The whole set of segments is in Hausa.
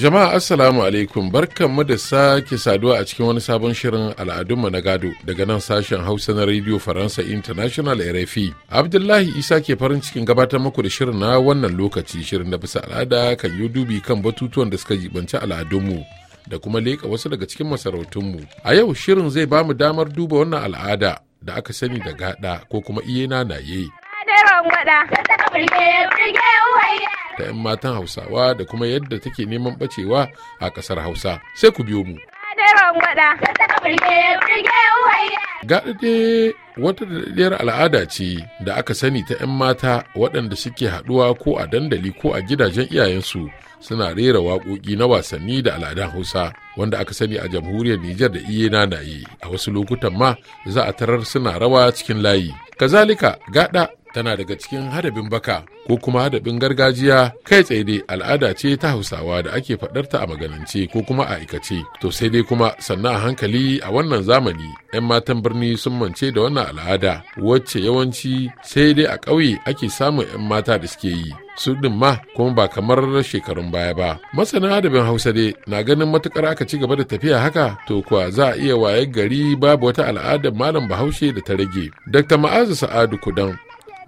Jama'a Assalamu alaikum mu da sake saduwa a cikin wani sabon shirin al'adunmu na gado daga nan sashen Hausa na Radio Faransa International RFI. Abdullahi Isa ke farin cikin gabatar muku da shirin na wannan lokaci shirin da bisa al'ada kan yi dubi kan batutuwan da suka jibanci al'adunmu da kuma leƙa wasu daga cikin masarautunmu. A yau shirin zai bamu damar duba wannan al'ada da aka sani da gada ko kuma iye nanaye ta 'yan matan Hausawa da kuma yadda take neman bacewa a ƙasar Hausa. Sai ku biyo mu. Gaɗaɗe wata daɗaɗiyar al'ada ce da aka sani ta 'yan mata waɗanda suke haɗuwa ko a dandali ko a gidajen iyayensu suna rera waƙoƙi na wasanni da al'adan Hausa wanda aka sani a jamhuriyar Nijar da iye nanaye a wasu lokutan ma za a tarar suna rawa cikin layi. Kazalika gaɗa tana daga cikin hadabin baka ko kuma hadabin gargajiya kai tsaye dai al'ada ce ta hausawa da ake faɗarta a maganance ko kuma a aikace to sai dai kuma sannan a hankali a wannan zamani 'yan matan birni sun mance da wannan al'ada wacce yawanci sai dai a ƙauye ake samun 'yan mata da suke yi su ɗin ma kuma ba kamar shekarun baya ba masana adabin hausa dai na ganin matukar aka ci gaba da tafiya haka to kuwa za a iya waye gari babu wata al'adar malam bahaushe da ta rage dr ma'azu sa'adu kudan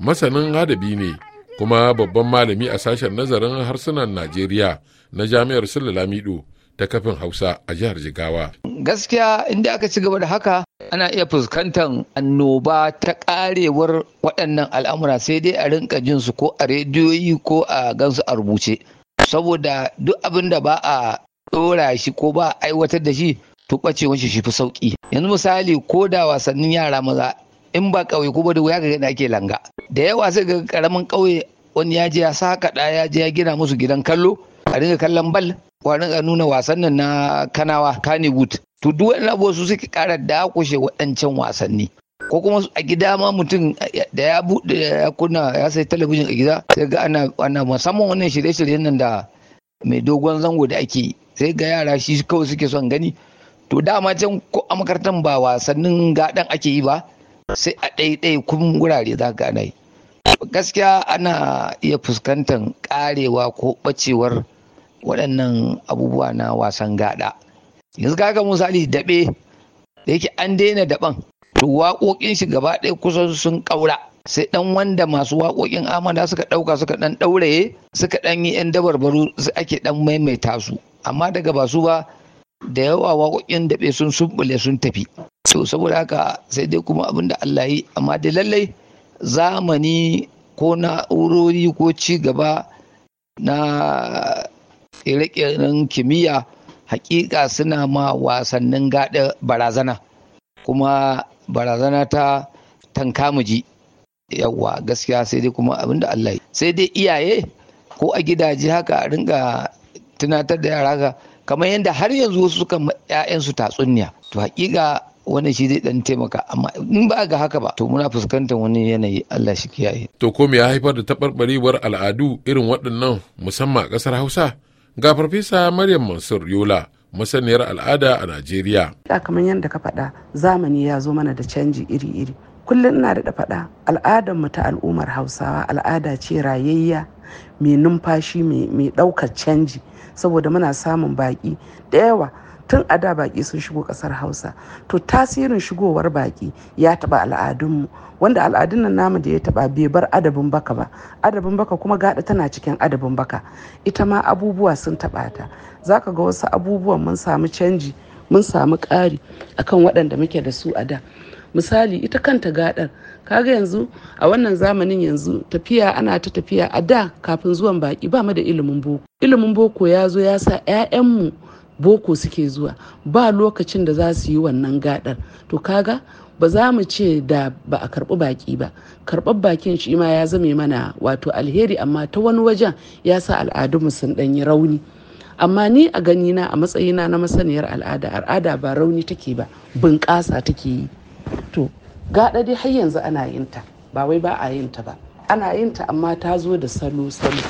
masanin hadabi ne kuma babban malami a sashen nazarin harsunan najeriya na jami'ar sulalamido lamido ta kafin hausa a jihar jigawa gaskiya inda aka ci gaba da haka ana iya fuskantar annoba ta karewar waɗannan al'amura sai dai a rinka jin su ko a rediyoyi ko a gansu a rubuce saboda duk abin da ba a ɗora shi ko ba a aiwatar da shi to ɓacewar shi fi sauƙi yanzu misali ko da wasannin yara maza in ba ƙauye ko ba da wuya ga ake langa da yawa sai ga karamin ƙauye wani ya je ya saka da ya je ya gina musu gidan kallo a dinga kallon bal a dinga nuna wasan na kanawa kannywood to duk wani abu su suke kara dakushe waɗancan wasanni ko kuma a gida ma mutum da ya buɗe ya kunna ya sai talabijin a gida sai ga ana ana musamman wannan shirye-shiryen nan da mai dogon zango da ake sai ga yara shi kawai suke son gani to dama can ko a makarantar ba wasannin gaɗan ake yi ba sai a ɗaiɗai kun wurare za ka gane gaskiya ana iya fuskantar karewa ko bacewar waɗannan abubuwa na wasan gaɗa. yanzu kaga misali daɓe da yake an daina daɓan to waƙoƙin shi gaba ɗaya kusan sun ƙaura sai ɗan wanda masu waƙoƙin amana suka ɗauka suka ɗan ɗauraye suka ɗan yi 'yan dabarbaru ake ɗan maimaita su amma daga basu ba da yawa waƙoƙin daɓe sun sumbule sun tafi to saboda haka sai dai kuma abinda Allah yi amma dai lallai zamani ko na'urori ko ci gaba na ƙirƙirin kimiyya hakika suna ma wasannin gaɗa barazana kuma barazana ta tankamuji yawwa gaskiya sai dai kuma abinda Allah sai dai iyaye ko a gidaje haka a ringa tunatar da yara kamar yadda har yanzu wasu suka 'ya'yansu tatsuniya to hakika wannan shi zai dan taimaka amma in ba ga haka ba to muna fuskantar wani yanayi Allah shi kiyaye to ko me ya haifar da taɓarɓarewar al'adu irin waɗannan musamman a ƙasar Hausa ga farfesa Maryam Mansur Yola masaniyar al'ada a Najeriya kamar yadda ka faɗa zamani ya zo mana da canji iri-iri kullum ina da faɗa al'adar mu ta al'ummar hausawa al'ada ce rayayya mai numfashi mai ɗaukar canji saboda muna samun baƙi da yawa tun a da baki sun shigo kasar hausa to tasirin shigowar baki ya taba al'adunmu wanda al'adun nan namu da ya taba bai bar adabin baka ba adabin baka kuma gaɗa tana cikin adabin baka ita ma abubuwa sun taba ta ka ga wasu abubuwan mun samu canji mun samu ƙari akan waɗanda muke da su a da misali ita kanta gadar kaga yanzu a wannan zamanin yanzu tafiya ana ta tafiya a da kafin zuwan baki ba mu da ilimin boko ilimin boko ya zo ya sa 'ya'yanmu boko suke zuwa ba lokacin da za su yi wannan gadar to kaga ba za mu ce da ba a karɓi baƙi ba karɓar bakin shi ma ya zame mana wato alheri amma ta wani wajen ya sa al'adunmu sun ɗanyi rauni amma ni a ganina a matsayina na masaniyar al'ada al'ada ba rauni take ba bunƙasa take yi to gaɗa dai har yanzu ana yin ta ba wai ba a yin ta ba ana yin ta amma ta zo da salo salo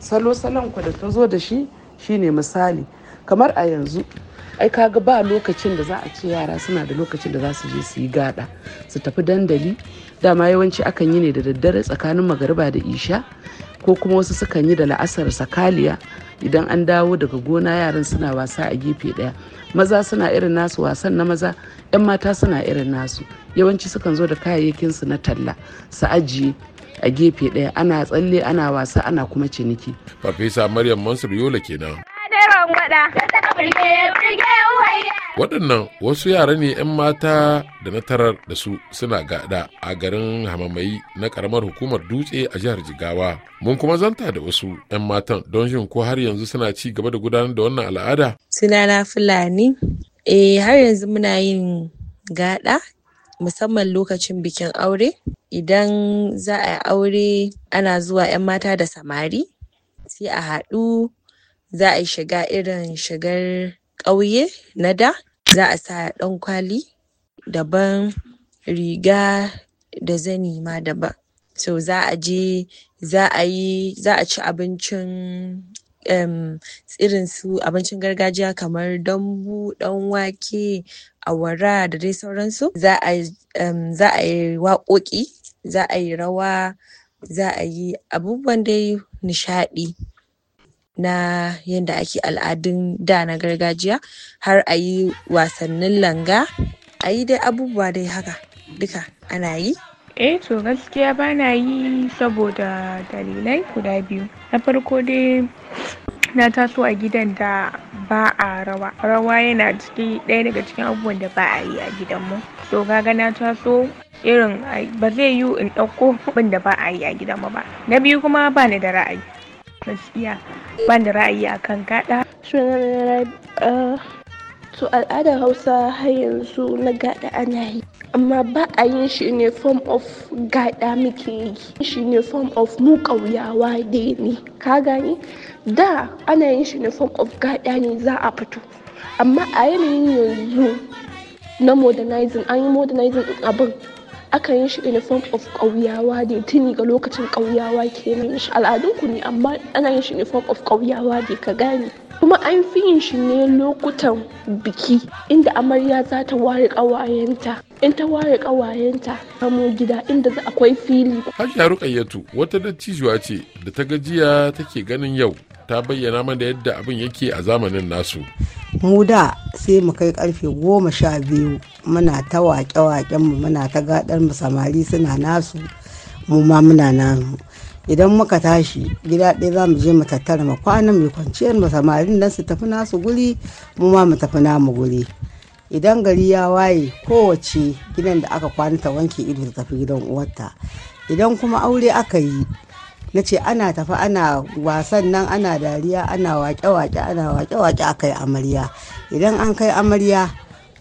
salo salon ku da ta zo da shi shine misali kamar a yanzu ai ga ba lokacin da za a ce yara suna da lokacin da za su je su yi gada su tafi dandali dama yawanci akan yi ne da daddare tsakanin magariba da isha ko kuma wasu sukan yi da la'asar sakaliya idan an dawo daga gona yaran suna wasa a gefe ɗaya maza suna irin nasu wasan na maza 'yan mata suna irin nasu yawanci sukan zo da kayayyakinsu na talla su ajiye a gefe ɗaya ana tsalle ana wasa ana kuma ciniki farfesa maryam mansur yola kenan gwada. Waɗannan wasu yara ne 'yan mata da na tarar da su suna gada a garin Hamamai na ƙaramar hukumar Dutse a jihar Jigawa. Mun kuma zanta da wasu 'yan matan don jin ko har yanzu suna ci gaba da gudanar da wannan al'ada. Sunana Fulani, eh har yanzu muna yin gada musamman lokacin bikin aure. Idan za a yi aure ana zuwa 'yan mata da samari sai a haɗu za a shiga irin shigar ƙauye na da za a sa ɗan kwali daban riga da zani ma daban so za a je za a yi za a ci abincin um, irin su abincin gargajiya kamar dambu dan wake awara da dai sauransu za za a yi waƙoƙi za a yi rawa za a yi abubuwan dai nishaɗi na yadda ake al'adun da na gargajiya har a yi wasannin langa a yi dai abubuwa dai haka duka ana yi eh to gaskiya ba na yi saboda dalilai guda biyu na farko dai na taso a gidan da ba a rawa rawa yana ciki ɗaya daga cikin abubuwan da ba a yi a gidanmu to gaga na taso irin ba zai yiwu in ɗauko abin da ba a yi a gidanmu ba na biyu kuma ba ni da ra'ayi gaskiya ban da ra'ayi a gaɗa. gada. to al'adar hausa har yanzu na gaɗa ana yi amma ba a yin shi ne form of gaɗa muke yi shi ne form of mu ƙauyawa dai ne ka gani da ana yin shi ne form of gaɗa ne za a fito amma a yanayin yanzu na modernizing an yi modernizing abin aka yi shi in form of ƙauyawa dai tuni ga lokacin ƙauyawa kenan shi al'adun ku ne amma ana yin shi in of ƙauyawa dai ka gane kuma an fi yin shi ne lokutan biki inda amarya za ta ware ƙawayenta in ta ware ƙawayenta kamo gida inda akwai fili. Hajiya Rukayyatu wata dattijuwa ce da ta gajiya take ganin yau ta bayyana mana yadda abin yake a zamanin nasu. mu da sai mu kai karfe goma sha biyu muna ta waƙe mu muna ta gadar mu samari suna nasu mu ma muna namu idan muka tashi gida ɗaya za mu je mu tattara mu kwana mai kwanciyar mu samarin nan su tafi nasu guri mu ma mu tafi namu guri idan gari ya waye kowace gidan da aka kwana ta wanke ido ta tafi gidan uwarta idan kuma aure aka yi na ce ana tafi ana wasan nan ana dariya ana wake-wake ana wake-wake a kai amarya idan an kai amarya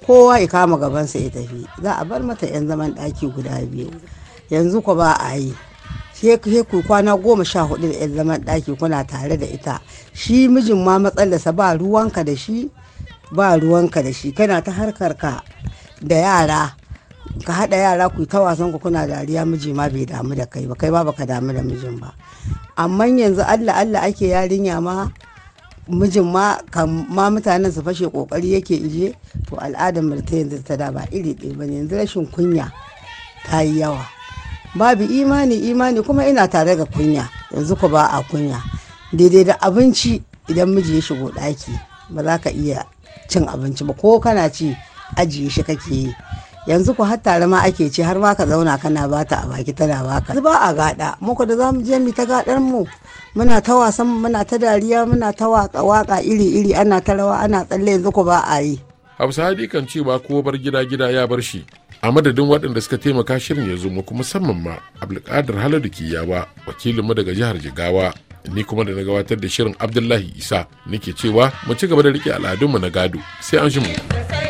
kowa ya kama gabansa ya tafi za a bar mata 'yan zaman ɗaki guda biyu yanzu ku ba a yi sai ku kwana goma sha hudu da 'yan zaman ɗaki kuna tare da ita shi mijin ma matsalarsa ba ruwanka da shi ba ruwanka da shi kana ta harkar ka da yara ka haɗa yara ku ta wasan ku kuna dariya miji ma bai damu da kai ba kai ba baka damu da mijin ba amma yanzu Allah Allah ake yarinya ma mijin ma ma mutanen su fashe kokari yake ije to al'adar murta yanzu ta da ba iri ɗaya ba yanzu rashin kunya ta yi yawa babu imani imani kuma ina tare ga kunya yanzu ku ba a kunya daidai da abinci idan miji ya shigo ɗaki ba za ka iya cin abinci ba ko kana ci ajiye shi kake yi yanzu ku har tare ma ake ci har ma ka zauna kana ba ta a baki tana ba baka ba a gada muku da zamu je mu ta gadar mu muna ta wasan muna ta dariya muna ta waka waka iri iri ana ta rawa ana tsalle yanzu ku ba a yi Hausa hadi kan cewa ko bar gida gida ya bar shi a madadin waɗanda suka taimaka shirin ya zo muku musamman ma Abdulkadir Haladu Kiyawa wakilinmu daga jihar Jigawa ni kuma da na gabatar da shirin Abdullahi Isa nake cewa mu ci gaba da rike al'adunmu na gado sai an shi mu